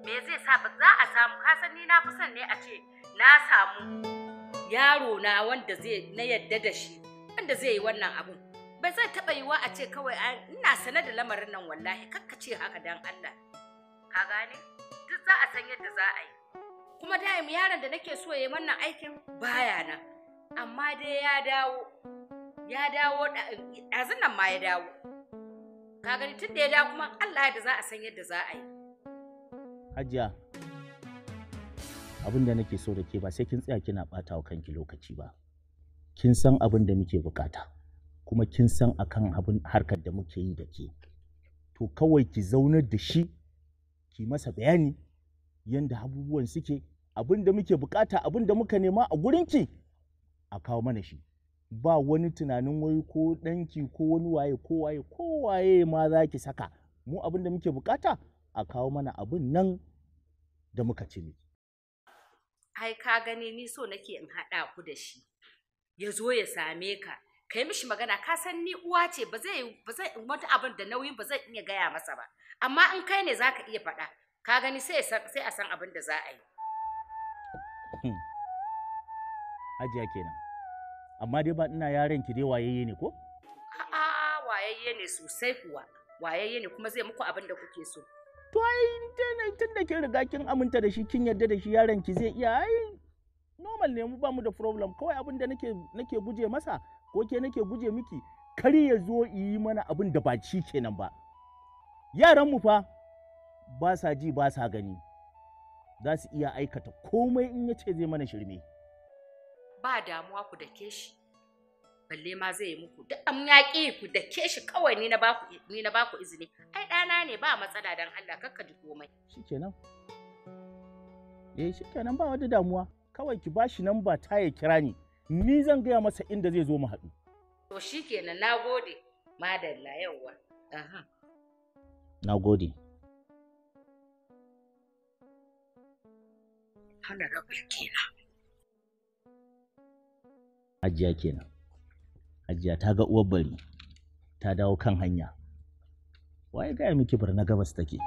me zai sa ba za a samu ka san ni na fi son ne a ce na samu yaro na wanda zai na yadda da shi da zai yi wannan abun ba zai taɓa yiwa a ce kawai ina sane da lamarin nan wallahi kakka ce haka dan Allah ka gane duk za a san yadda za a yi kuma da yaron da nake so ya yi wannan aikin baya na. amma dai ya dawo ya dawo ɗazun nan ma ya dawo ka gani tun da ya dawo kuma Allah da za a san yadda za a yi hajiya abin da nake so da ke ba sai kin tsaya kina ɓata wa kanki lokaci ba kin san abin da muke bukata kuma kin san akan abin harkar da muke yi da ke to kawai ki zaunar da shi ki masa bayani yadda abubuwan suke abin da muke bukata abin da muka nema a gurin gurinki a kawo mana shi ba wani tunanin wai ko ɗanki ko wani waye ko waye ko waye ma za ki saka mu abin da muke bukata a kawo mana abin nan da muka ci ai ka gani ni so nake in haɗa ku da shi ya zo ya same ka kai mishi magana ka san ni uwa ce ba zai ba zai wata abin da nauyin ba zai iya gaya masa ba amma in kai ne zaka iya faɗa ka gani sai sai a san abin da za a yi hmm. ajiya kenan amma dai ba ina yaren ki dai wayayye ne ko a'a wayayye ne sosai kuwa wayayye ne kuma zai muku abin da kuke so to ai tun da kin riga kin aminta da shi kin yarda da shi yaron ki zai iya ai normal ne mu ba mu da problem kawai abin da nake nake guje masa ko ke nake guje miki kar ya zo yi mana abin da ba ci kenan ba yaran mu fa ba sa ji ba sa gani za su iya aikata komai in ya ce zai mana shirme ba damuwa ku dake shi balle ma zai yi muku duk an ya ku dake shi kawai ni na baku ni na ku izini ai ɗana ne ba matsala dan Allah kakka ji komai shikenan eh shikenan ba wata damuwa kawai ki ba shi namba ta ya kira ni ni zan gaya masa inda zai zo mu haɗu to shikenan nagode madalla aha nagode hana rabin kenan ajiya kenan ajiya ta ga uwar bari ta dawo kan hanya waye gaya miki bar na gabas take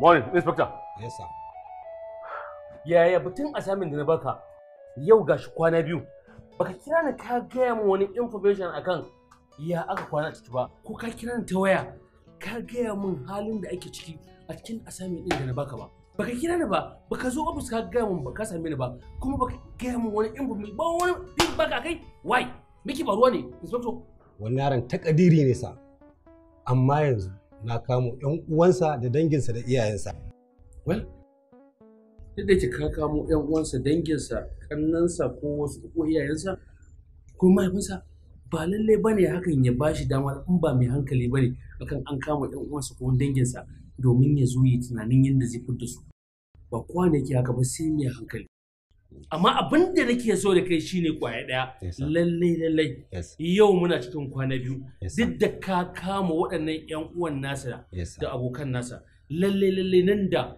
Morning, Inspector. Yes, sir. Yaya batun assignment da na baka yau gashi kwana biyu. Baka kira ni ka gaya min wani information akan ya aka kwana ciki ba. Ko ka kira ni ta waya ka gaya min halin da ake ciki a cikin assignment din da na baka ba. Baka kira ni ba, baka zo ofis ka gaya min ba ka same ni ba. Kuma baka gaya min wani information ba wani din baka kai. Why? Miki ba ruwa ne, Inspector. Wannan yaron takadiri ne sa. Amma yanzu na kamo 'yan uwansa da danginsa da iyayensa. Well, duk da ka kamo 'yan uwansa danginsa kannansa ko wasu ko iyayensa ko mahaifinsa ba lallai ba ne hakan ya ba shi dama in ba mai hankali ba ne akan an kama 'yan uwansa ko danginsa domin ya zo yi tunanin yadda zai fitar da su. Ba kwa ne ke haka ba sai mai hankali. amma abin da nake so da kai shine kwaya daya lalle lalle yau muna cikin kwana biyu duk da ka kama waɗannan yan uwan nasa da abokan nasa lalle lalle nan da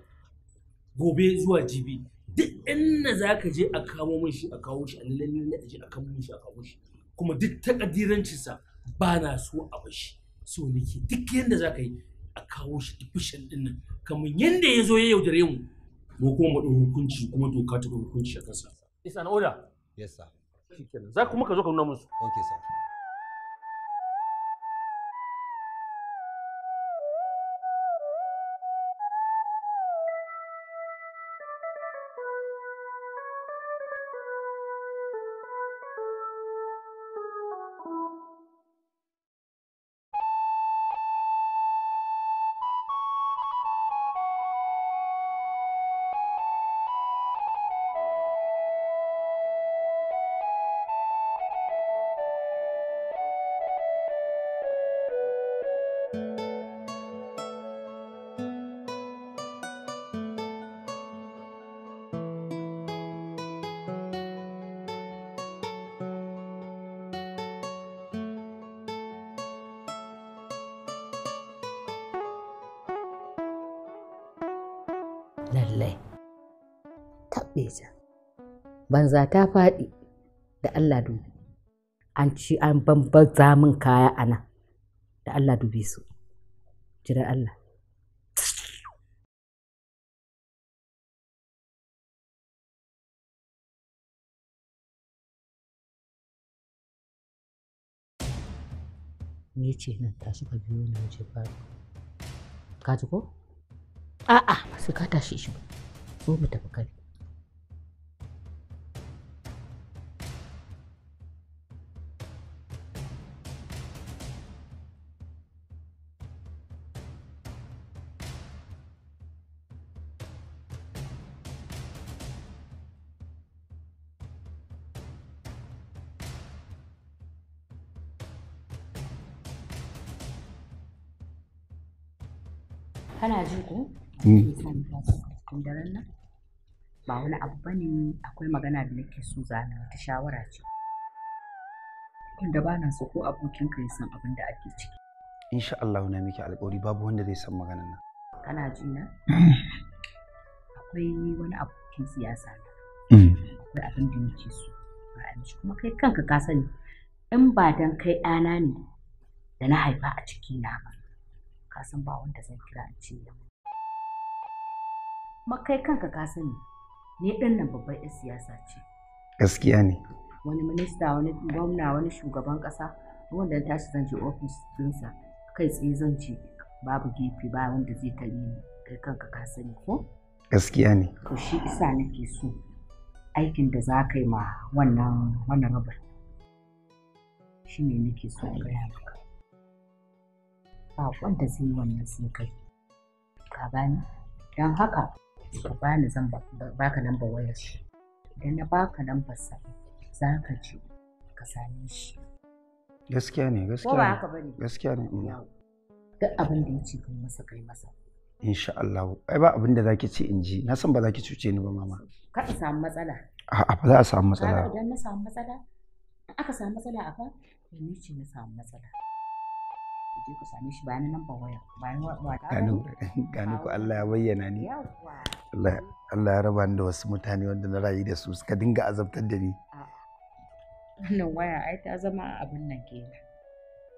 gobe zuwa jibi duk inda za ka je a kamo min shi a kawo shi a lalle lalle a je a kamo min shi a kawo shi kuma duk takaddirancin ba na so a bashi so nake duk yadda za ka yi a kawo shi duk fushin ɗin nan kamar yadda ya zo ya yaudare mu mu kuma mu hukunci kuma doka ta hukunci a kansa. Isa na oda? Yes sir. Za kuma ka zo ka nuna musu. Okay sir. lallai taɓe ta banza ta faɗi da Allah dubi an ci an bambar zamun kaya a nan da Allah dubi su jiran Allah me ce nan ta suka biyo ne waje faru ka ji ko A'a, sai ka tashi shi. Zo mu tafi kai. ba wani abu bane akwai magana da nake so zana ta shawara ce da ba na so ko abokinka ya san abin da ake ciki insha Allah na miki alƙawari babu wanda zai san maganar nan kana ji na akwai wani abokin siyasa na mm. akwai abin da nake so ci kuma kai kanka ka sani in ba dan kai ɗana ne da na haifa a ciki na ba ka san ba wanda zan kira a ce makai kanka ka sani ni dan nan babban 'yan siyasa ce gaskiya ne wani minista wani gwamna wani shugaban ƙasa wanda ya tashi zance ofis ɗinsa kai tsaye zance babu gefe ba wanda zai tare ni kai kanka ka sani ko gaskiya ne to shi isa nake so aikin da za ka yi ma wannan wannan rabar shi ne nake so in gaya maka ba wanda zai yi wannan sai kai ka gani don haka ka bani zan baka lambar wayar shi idan na baka lambar sa za ka je ka same shi gaskiya ne gaskiya ne gaskiya ne mm. duk abin da yace kai masa kai masa insha Allah ai ba abin da zaki ce in ji na san ba zaki cuce ni ba mama ka samu matsala a'a ba za a samu matsala idan na samu matsala aka samu matsala a fa ni ce na samu matsala je same shi bayan nan ba waya bayan wata gano ku Allah ya bayyana ni Allah ya raba ni da wasu mutane wanda na rayu da su suka dinga azabtar da ni wannan waya ai ta zama abin nan ke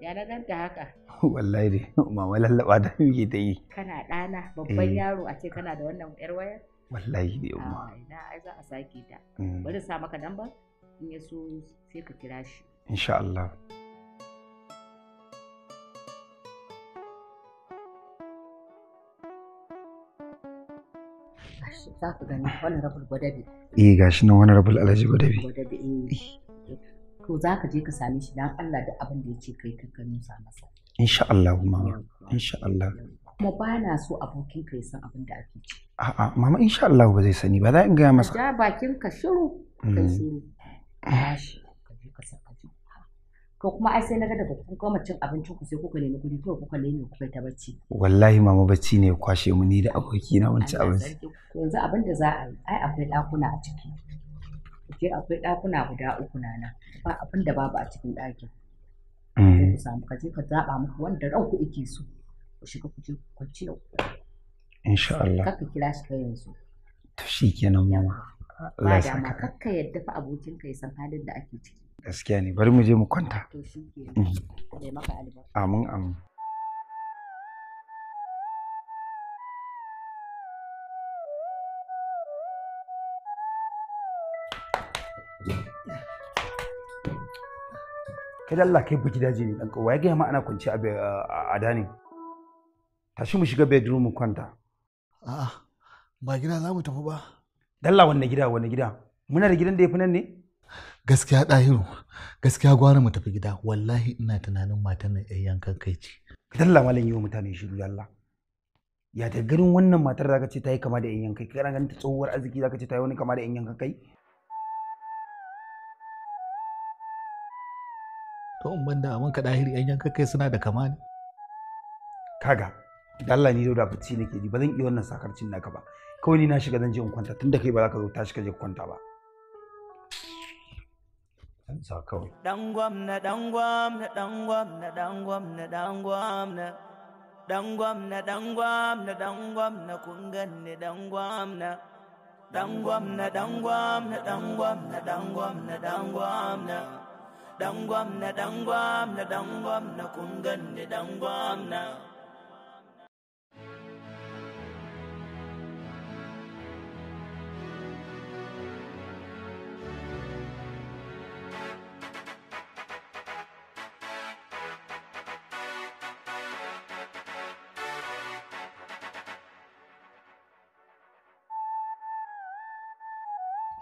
ya na ganta haka wallahi dai mama lallaba da muke ta yi kana ɗana babban eh. yaro a ce kana da wannan yar wayar wallahi dai umma na ai za a sake ta mm. bari sa maka namba in ya so sai ka kira shi insha Allah shi za gani honorable eh gashi nan honorable alhaji eh. za ka je ka same shi dan Allah da abin da yake kai ka gano sa masa insha Allah mama insha Allah kuma ba na so abokin ka ya san abin da ake ci a'a mama insha Allah ba zai sani ba za in ga masa ja bakin ka mm. shiru kai shiru to kuma ai sai naga daga kun goma cin abincin ku sai kuka nemi kuɗi to kuka nemi kuka ta bacci wallahi mama bacci ne kwashe mu ni da aboki na wancan abinci yanzu abin da za a yi ai akwai ɗakuna a ciki ke akwai ɗakuna guda uku na na. ba abin da babu a cikin ɗakin mm. ku samu ka je ka zaɓa muku wanda ranku ike so ku shiga ku je ku kwanci da ku insha Allah kaka kira shi kai yanzu to kenan mama Allah ya saka kakka yadda fa abokin ka ya san halin da ake ciki gaskiya ne bari mu je mu kwanta mm. amin amin kai Allah kai buki daji ne dan kawai ga ma ana kunci a adani dani tashi mu shiga bedroom mu kwanta a'a ba gida za mu tafi ba dalla wanne gida wanne gida muna da gidan da yafi nan ne gaskiya ɗahiru gaskiya gwara mu tafi gida wallahi ina tunanin matan nan yan yankan kai ce talla malam yiwa mutane shiru Allah! ya ta garin wannan matar zaka ce ta yi kama da yan yankan kai kana ganin ta tsohuwar arziki zaka ce ta yi wani kama da yan yankan kai to in banda a ka ɗahiri yan yankan kai suna da kama ne kaga dalla ni da fici nake ji ba zan iya wannan sakarcin naka ba kawai ni na shiga zan je in kwanta tunda kai ba za ka zo tashi ka je kwanta ba sa kawai dan gwamna dan gwamna dan gwamna dan gwamna dan gwamna dan gwamna dan gwamna dan gwamna kun ganni dan gwamna dan gwamna dan gwamna dan gwamna dan gwamna dan gwamna dan gwamna dan gwamna dan gwamna kun ganni dan gwamna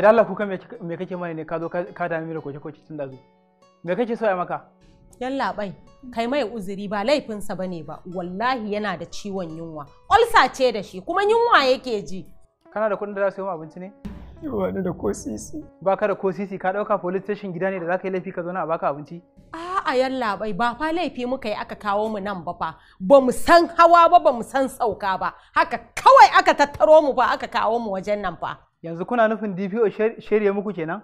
kai dalla kuka me kake mai ne ka zo ka dami da koke-koke tun da zo me kake so ya maka yalla bai kai mai uzuri ba laifinsa bane ba wallahi yana da ciwon yunwa ulsa ce da shi kuma yunwa yake ji kana da kuɗin da za su yi abinci ne yawa da kosisi ba ka da kosisi ka dauka police station gida ne da za ka yi laifi ka zo na a baka abinci a'a yalla bai ba fa laifi muka yi aka kawo mu nan ba fa ba mu san hawa ba ba mu san sauka ba haka kawai aka tattaro mu ba aka kawo mu wajen nan ba. yanzu kuna nufin DPO shirye muku kenan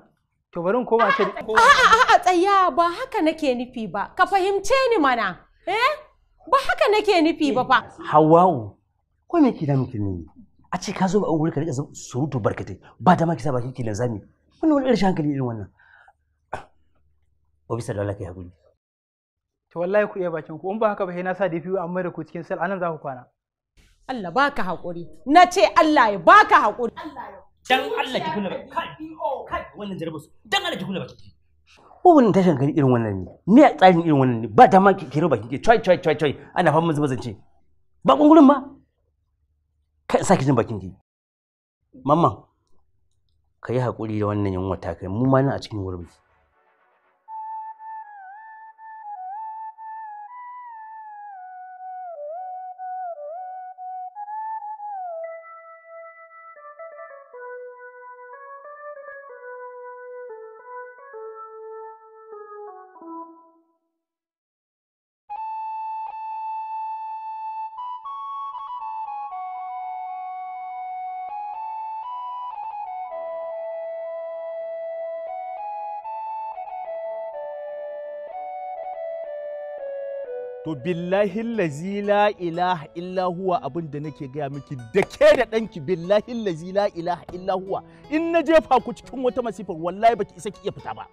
to bari in koma ce a'a tsaya ba haka nake nufi ba ka fahimce ni mana eh ba haka nake nufi ba fa Hawwa'u ko me ki da miki ne a ce ka zo ba wuri ka rika surutu barkatai ba dama ki sa baki ki lazami wani wani irin hankali irin wannan Obisa da Allah ya hakuri to wallahi ku iya bakin ku in ba haka ba sai na sa DPO amma da ku cikin sal anan za ku kwana Allah baka hakuri na ce Allah ya baka hakuri Allah ya dan Allah ki wannan jarabar su dan irin wannan ne me ya tsarin irin wannan ne ba ma ki kiro baki ana fama zuba zance ba kungurin ma kai saki jin bakin ki mamman ka yi hakuri da wannan yunwa ta kai mu ma nan a cikin wurin billahi lazi la ilaha illa huwa abin da nake gaya miki da ke da ɗanki billahi lazi la ilaha illa huwa in na jefa ku cikin wata masifar wallahi baki isa ki iya fita ba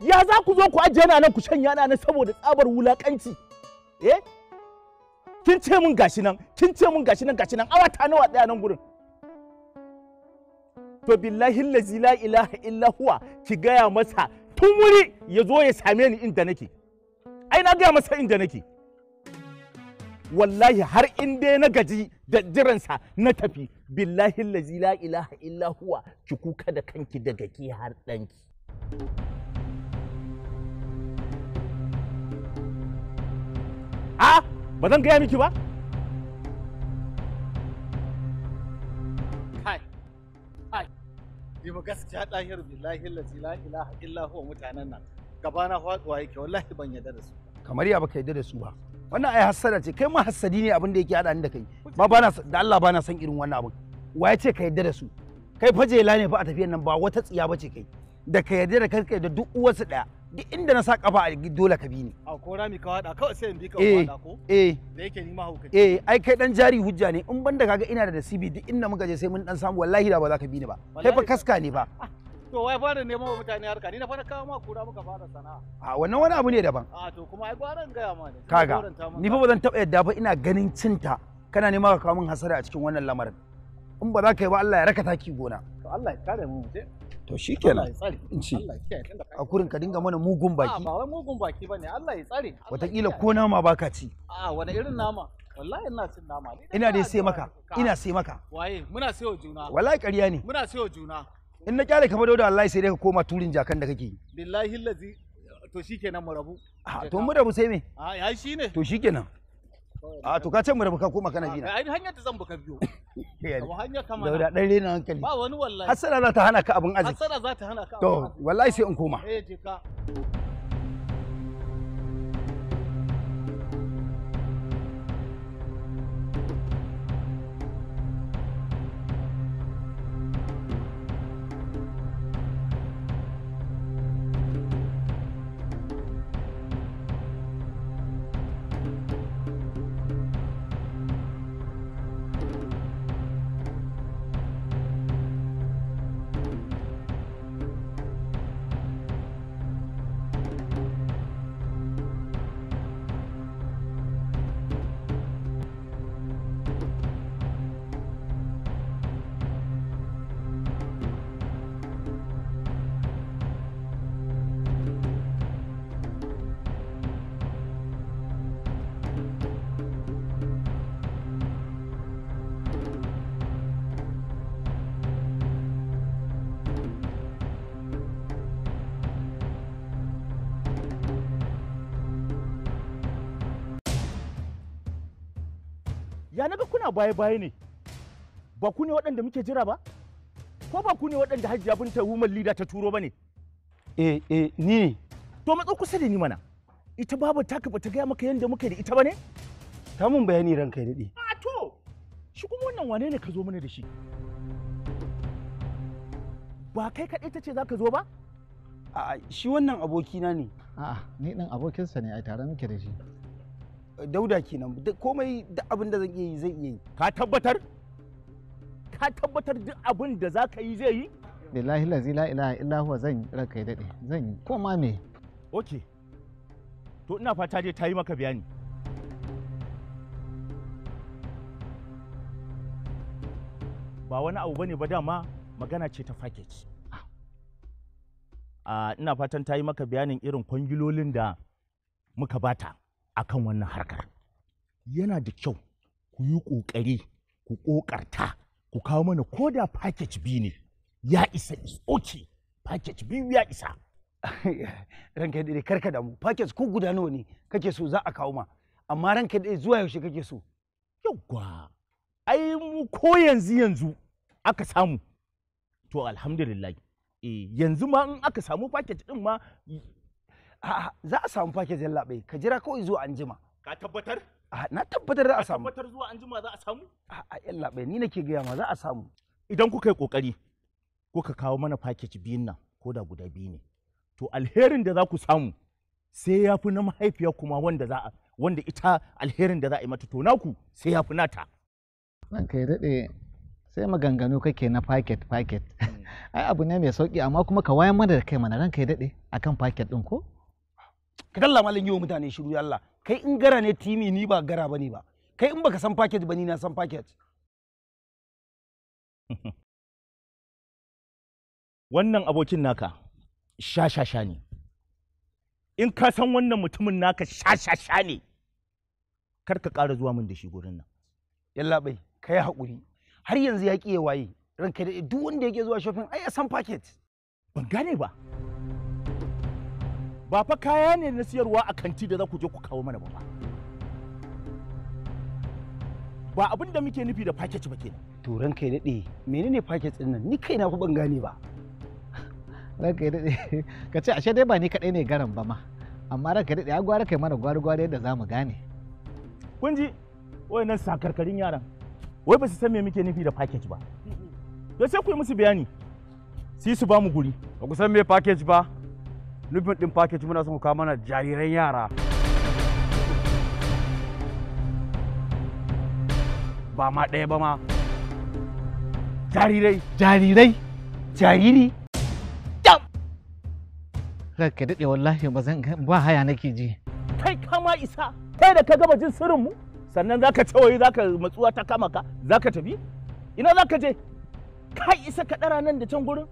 ya za ku zo ku ajiye nan ku shanya nan saboda tsabar wulakanci eh kin ce mun gashi nan kin ce mun gashi nan gashi nan awa ta nawa tsaya nan gurin to billahi lazi la ilaha illa huwa ki gaya masa tun wuri ya zo ya same ni inda nake na gaya masa inda nake wallahi har in dai na gaji da jiransa na tafi billahi lazi la ilaha illa huwa ki kuka da kanki daga ki har ɗanki. a ba zan gaya miki ba Yi ba gaskiya ɗahir billahi lazi la ilaha illa huwa mutanen nan gabana faɗuwa yake wallahi ban yadda da su kamar ya baka yadda da su ba wannan ai hassada ce kai ma hassadi ne abin da yake hada ni da kai ba bana da Allah bana san irin wannan abin wa ce ka yadda da su kai fajela ne fa a tafiyan nan ba wata tsiya ba ce kai da ka yarda da kanka da duk uwarsu daya duk inda na sa kafa a dole ka bi ni a ko rami ka wada kawai sai in bi ka eh, wada ko eh da yake ni ma hukunci eh ai kai dan jari hujja ne in banda kaga ina da nasibi duk inda muka je sai mun dan samu wallahi da ba za ka bi ni ba kai fa kaska ne ba to wai fara nemo mutane harka ni na fara kawo maka kura muka fara sana'a a wannan wani abu ne daban a to kuma ai gwaran gaya ma ne kaga ni fa bazan taba yadda ba ina ganin cinta kana nema ka kawo min hasara a cikin wannan lamarin in ba za ka yi ba Allah ya raka taki gona to Allah ya kare mu to shikenan in ci a kurin ka dinga mana mugun baki ba wai mugun baki bane Allah ya tsare wataƙila ko nama baka ci a wani irin nama wallahi ina cin nama ina dai sai maka ina sai maka waye muna sai wa juna wallahi ƙarya ne muna sai wa juna in na kyale ka fa dauda wallahi sai dai ka koma turin jakan da kake yi billahi lazi to shikenan mu rabu ah, to mu rabu sai me a ah, ai shine to shikenan a ah, to ka ce mu rabu ka koma kana jina ai hanyar da zan buka biyo abu hanya kama dauda dan rena hankali ba wani wallahi hasara za ta hana ka abun arziki hasara za ta hana ka to wallahi sai in koma eh je ka ya naga kuna baya-baya ne ba ku ne waɗanda muke jira ba ko ba ku ne waɗanda hajiya binta woman leader ta turo ba ne eh eh ni ne to matsa kusa da ni mana ita babu taka ba ta gaya maka yadda muke da ita ba ne ta mun bayani ranka ya daɗe a to shi kuma wannan wane ne ka zo mana da shi ba kai kaɗai ta ce za ka zo ba a'a shi wannan abokina ne a'a ni ɗan abokinsa ne ai tare muke da shi dauda kenan komai duk abin da zan iya yi zai iya yi ka tabbatar ka tabbatar duk abin da za ka yi zai yi billahi lazi la ilaha illa huwa zan ranka da dade zan yi koma me okay to ina fata dai ta yi maka bayani ba wani abu bane ba dama magana ce ta package ah, ina fatan ta yi maka bayanin irin kwangilolin da muka bata akan wannan harkar yana da kyau ku yi ƙoƙari ku ƙoƙarta ku kawo mana ko da package biyu ne ya isa is okay package biyu ya isa ranka dai karka damu package ko guda nawa ne kake so za a kawo ma amma ranka dai zuwa yaushe kake so yawwa ai mu ko yanzu yanzu aka samu to alhamdulillah eh yanzu ma in aka samu package din ma za a samu package yallaɓe ka jira kawai zuwa anjima. Ka tabbatar? na tabbatar za a samu. Ka tabbatar zuwa anjima za a samu? A'a yallaɓe ni nake gaya ma za a samu. Idan kuka yi ƙoƙari kuka kawo mana package biyun nan ko da guda biyu ne. To alherin da za ku samu sai ya fi na mahaifiya kuma wanda za a wanda ita alherin da za a yi mata to naku sai ya fi nata. ban kai daɗe sai maganganu kake na packet packet. Hmm. Ai abu ne mai sauki amma kuma ka wayan mana da kai mana ranka ya daɗe akan packet ɗin ko? ka dalla malam yi wa mutane shiru ya Allah kai in gara ne timi ni ba gara ba ba kai in baka san package ba ni na san package wannan abokin naka shashasha ne in ka san wannan mutumin naka shashasha ne kar ka ƙara zuwa min da shi gurin nan yalla bai kai haƙuri har yanzu ya ƙi ya waye ranka da duk wanda yake zuwa shopping ai a san ban gane ba ba fa kaya ne na siyarwa a kanti da za ku je ku kawo mana ba ba abin da muke nufi da package ba kenan to ranka ya daɗe menene package ɗin nan ni kaina fa ban gane ba ran kai daɗe ka ce ashe dai ba ni kaɗai ne garan ba ma amma ran kai daɗe ya gwara kai mana gwari-gwari yadda za mu gane kun ji nan sakarkarin yaran wai ba su san me muke nufi da package ba to sai ku yi musu bayani sai su ba mu guri ba ku san me package ba nufin ɗin package muna son kawo mana jariran yara ba ma ɗaya ba ma jarirai jarirai jariri dam ka daɗe wallahi ba zan ba haya nake ji kai kama isa kai da ka gama jin sirrin mu sannan zaka cewayi zaka matsuwa ta kama ka zaka tafi ina zaka je kai isa ka ɗara nan da can gurin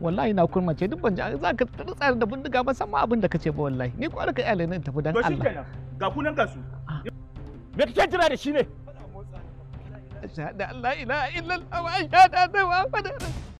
wallahi na kurma ce duk ban ji za ka tsare da bindiga ba san ma abin da kace ba wallahi ni kwara ka iyalai nan tafi dan Allah to shikenan ga kunan kasu ah. me kake jira da shi ne da Allah ilaha illallah wa ashhadu anna muhammadan